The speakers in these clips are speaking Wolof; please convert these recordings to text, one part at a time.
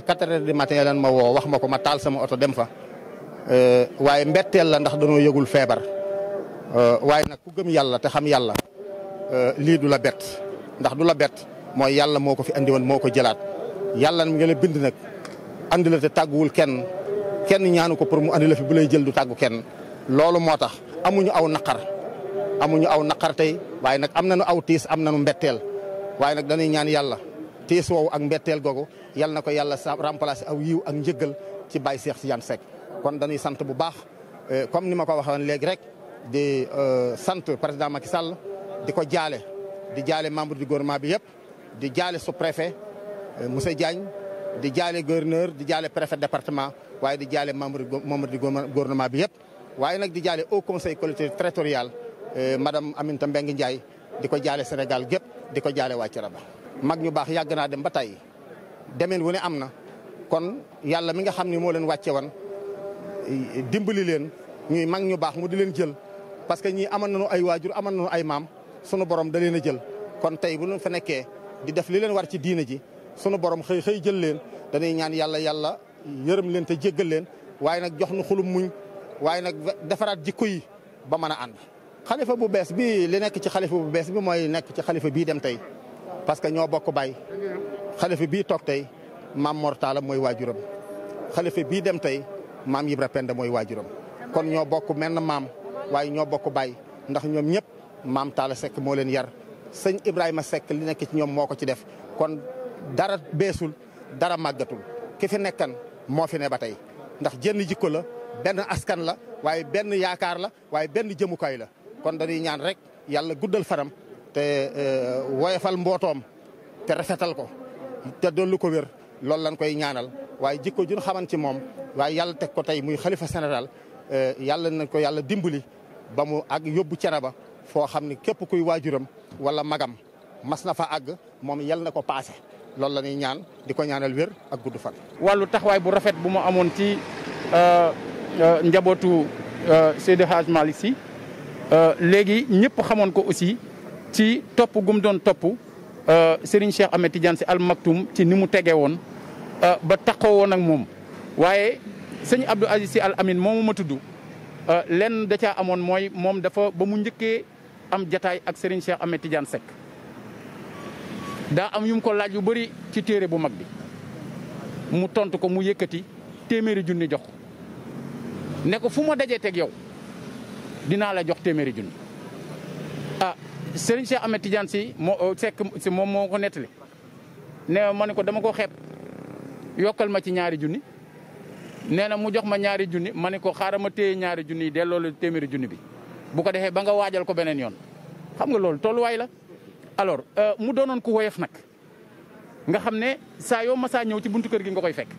daanaka quatre heures du matin ma woo wax ma ko ma taal sama oto dem fa euh, waaye mbetteel la ndax danoo yëgul feebar euh, waaye nag ku gëm yàlla te xam yàlla euh, lii du la bett ndax du la bett mooy yàlla moo ko fi andi woon moo ko jëlaat yàlla mi ngi la bind nag andi la te tàgguwul kenn kenn ñaanu ko pour mu andi fi bu lay jël du tàggu kenn loolu moo tax amuñu aw naqar amuñu aw naqar tey waaye nag am nañu aw tiis am nañu mbeteel waaye nag dañuy ñaan yàlla tiis woowu ak mbetteel googu yal na ko yàlla sa remplacer aw yiw ak njëggal ci seex si Tidiane Seck kon dañuy sant bu baax euh, comme ni ma ko waxoon léegi rek di euh, sant président Macky Sall di ko jaale di jaale membre du gouvernement bi yëpp di jaale sous préfet euh, monsieur Diagne di jaale gouverneur di jaale préfet département waaye di jaale membre membre du gouvernement bi yëpp waaye nag di jaale au conseil collectivité territorial madame Aminata Mbengue Ndiaye di ko jaale Sénégal gépp di ko jaale waa Thiénaba mag ñu baax yàgg naa dem ba tey demeen wu ne am na kon yàlla mi nga xam ne moo leen wàcce wan dimbali leen ñuy mag ñu baax mu di leen jël parce que ñii amoon nañu ay waajur amoon nañu ay maam sunu borom da leen a jël kon tey bu ñu fa nekkee di def li leen war ci diina ji sunu borom xëy xëy jël leen dañuy ñaan yàlla yàlla yërëm leen te jéggal leen waaye nag jox nu xulum muñ waaye nag defaraat jikko yi ba mën a ànd xalifa bu bees bii li nekk ci xalifa bu bees bi mooy nekk ci xalifa bii dem tey parce que ñoo bokk baay xalifa bii toog tey maam moor taala mooy waajuram xalifa bii dem tey maam Ibra Penda mooy waajuram kon ñoo bokk menn maam waaye ñoo bokk baay ndax ñoom ñëpp maam Talla Seck moo leen yar sëñ Ibrahima Seck li nekk ci ñoom moo ko ci def kon dara beesul dara màggatul ki fi nekkan moo fi ne ba tey ndax jenn jikko la benn askan la waaye benn yaakaar la waaye benn jëmukaay la kon dañuy ñaan rek yàlla guddal faram te eh, woyefal mbootoom te rafetal ko te dollu ko wér loolu lañ koy ñaanal waaye jikko jun xaman ci moom waaye yàlla teg ko tey muy xalifa général eh, yàlla nañ ko yàlla dimbali ba mu ak yóbbu cere ba foo xam ne képp kuy waajuram wala magam mas na fa àgg moom yal na ko paase loolu la ñuy ñaan di ko ñaanal wér ak gudd fan. wàllu taxawaay bu rafet bu mu amoon ci eh, njabootu Seydi Hadj Malick Sy léegi ñëpp xamoon ko aussi. ci topp gum doon topp euh, Serigne Cheikh Ahmed Tidiane Sy Al Maktoum ci ni mu tege woon euh, ba taxoo woon ak moom waaye sëñ Abdou Aziz si Al Amin moom ma tudd euh, lenn da caa amoon mooy moom dafa ba mu njëkkee am jataay ak Serigne Cheikh Ahmed Tidiane Seck daa am yum ko laaj yu bëri ci téere bu mag bi mu tontu ko mu yëkkati téeméeri junni jox ko ne ko fu ma dajee teg yow dinaa la jox téeméeri junni. Serigne Cheikh Ahmed Tidiane si moo euh, Seck si moom moo ko ne ko dama ko xeeb yokkal ma ci ñaari junni nee na mu jox ma ñaari junni ko ñaari junni yi delloo la junni bi bu ko defee ba nga waajal ko beneen yoon xam nga loolu tolluwaay la alors euh, mu doonoon ku nga ne saa yoo masaa ñëw ci buntu kër gi nga koy fekk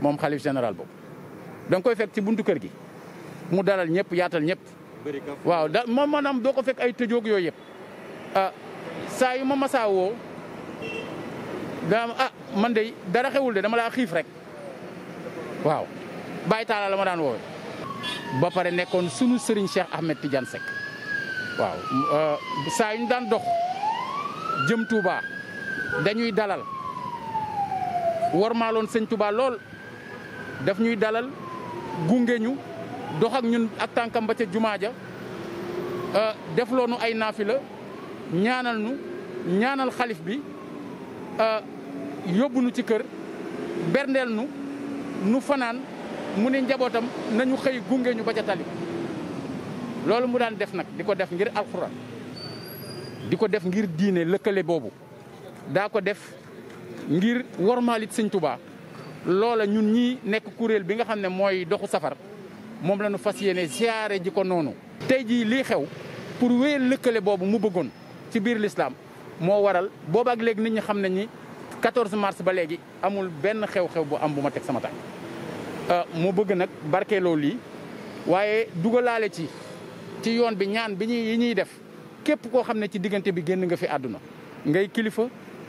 General xalif général efek ti koy fekk ci buntu kër gi mu dalal nyep. yaatal waaw da ma maanaam doo ko fekk ay tëjoog yooyu yëpp ah saa yu ma masaa woo daa ah man de dara xewul de dama laa xiif rek waaw bàyyi taala la ma daan woowe ba pare nekkoon sunu Serigne Cheikh Ahmed Tidiane Seck waaw ah, saa yu ñu daan dox jëm Touba dañuy dalal war maaloon sëñ Touba lool daf ñuy dalal gunge ñu dox ak ñun ak tànkam ba ca jumaa ja euh, defloo nu ay naafila ñaanal nu ñaanal xalif bi euh, yóbbu nu ci kër berndeel nu nu fanaan mu ne njabootam nañu xëy gunge ñu ba ca loolu mu daan def nag di ko def ngir alxuraan di ko def ngir diine lëkkale boobu daa ko def ngir wormaalit sëñ Tuubaa loola ñun ñi nekk kuréel bi nga xam ne mooy doxu safar moom la ñu fas yéene ziare ji ko noonu. tey jii lii xew pour wéyal lëkkale boobu mu bëggoon ci biir lislaam moo waral booba ak léegi nit ñi xam nañ ni 14 mars ba léegi amul benn xew-xew bu am bu ma teg sama tànk. Euh, mu bëgg nag barke loolu lii waaye dugalaale ci ci yoon bi ñaan bi ñuy yi ñuy def képp koo xam ne ci diggante bi génn nga fi àdduna ngay kilifa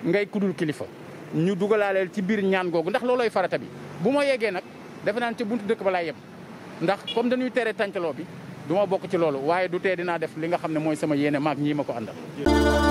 ngay kudul kilifa ñu dugalaaleel ci biir ñaan googu ndax loolooy farata bi bu ma yeggee nag defe naan ca buntu dëkk ba yem. ndax comme dañuy tere tàncaloo bi du bokk ci loolu waaye du tee dinaa def li nga xam ne mooy sama yéene maag ñii ma ko àndal